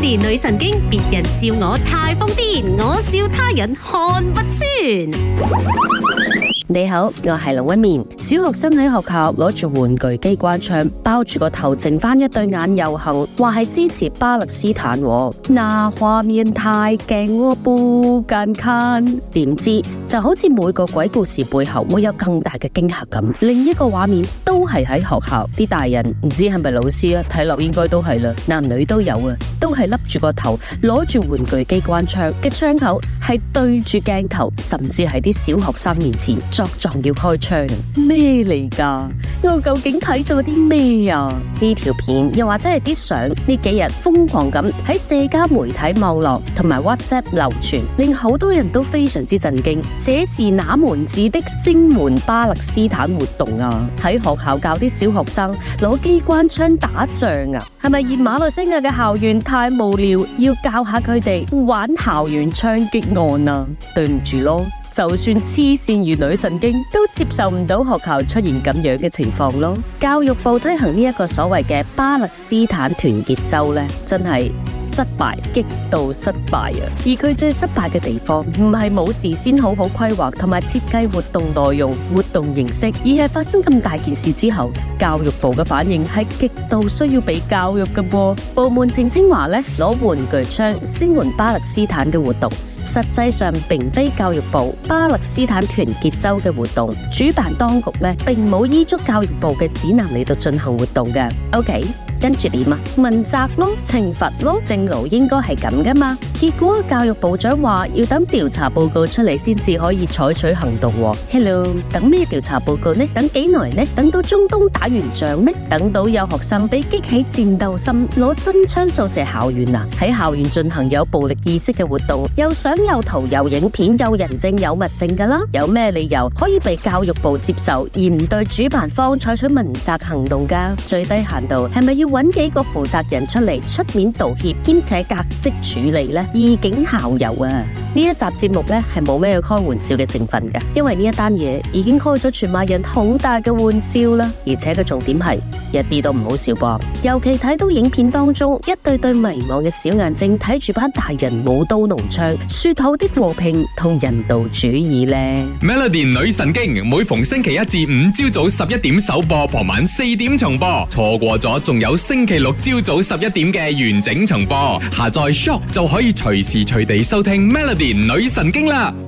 女神經，別人笑我太瘋癲，我笑他人看不穿。你好，我係龍紋敏。小學生喺學校攞住玩具機關槍包住個頭，剩返一對眼遊行，話係支持巴勒斯坦喎。那畫面太驚，我不敢看。點知？就好似每個鬼故事背後會有更大嘅驚嚇感。另一個畫面都係喺學校，啲大人唔知係咪老師啊，睇落應該都係啦，男女都有啊，都係笠住個頭，攞住玩具機關槍嘅槍口係對住鏡頭，甚至係啲小學生面前作狀要開槍，咩嚟㗎？我究竟睇咗啲咩啊？呢條片又或者係啲相，呢幾日瘋狂咁喺社交媒體網絡同埋 WhatsApp 流傳，令好多人都非常之震驚。這是哪門子的星門巴勒斯坦活動啊？喺學校教啲小學生攞機關槍打仗啊？係咪以馬來西亞嘅校園太無聊，要教下佢哋玩校園槍擊案啊？對唔住咯。就算黐線如女神經，都接受唔到學校出現咁樣嘅情況咯。教育部推行呢一個所謂嘅巴勒斯坦團結周呢，真係失敗，極度失敗啊！而佢最失敗嘅地方，唔係冇事先好好規劃同埋設計活動內容、活動形式，而係發生咁大件事之後，教育部嘅反應係極度需要被教育嘅噃啊。部門澄清話呢，攞玩具槍先援巴勒斯坦嘅活動。實際上並非教育部巴勒斯坦團結周嘅活動主辦當局呢，並冇依足教育部嘅指南嚟到進行活動嘅。OK，跟住點啊？問責咯，懲罰咯，正路應該係咁噶嘛？結果教育部長話要等調查報告出嚟先至可以採取行動。Hello，等咩調查報告呢？等幾耐呢？等到中東打完仗咩？等到有學生被激起戰鬥心，攞真槍掃射校園啊！喺校園進行有暴力意識嘅活動，又想有圖、有影片、有人證、有物證㗎啦，有咩理由可以被教育部接受而唔對主辦方採取問責行動㗎？最低限度係咪要揾幾個負責人出嚟出面道歉兼且革職處理呢？以儆效尤啊！呢一集節目咧係冇咩開玩笑嘅成分嘅，因為呢一單嘢已經開咗全馬人好大嘅玩笑啦，而且個重點係一啲都唔好笑噃。尤其睇到影片當中一對對迷茫嘅小眼睛睇住班大人舞刀弄槍，說好啲和平同人道主義咧。Melody 女神經每逢星期一至五朝早十一點首播，傍晚四點重播，錯過咗仲有星期六朝早十一點嘅完整重播。下載 Shock 就可以隨時隨地收聽 Melody。連女神經啦！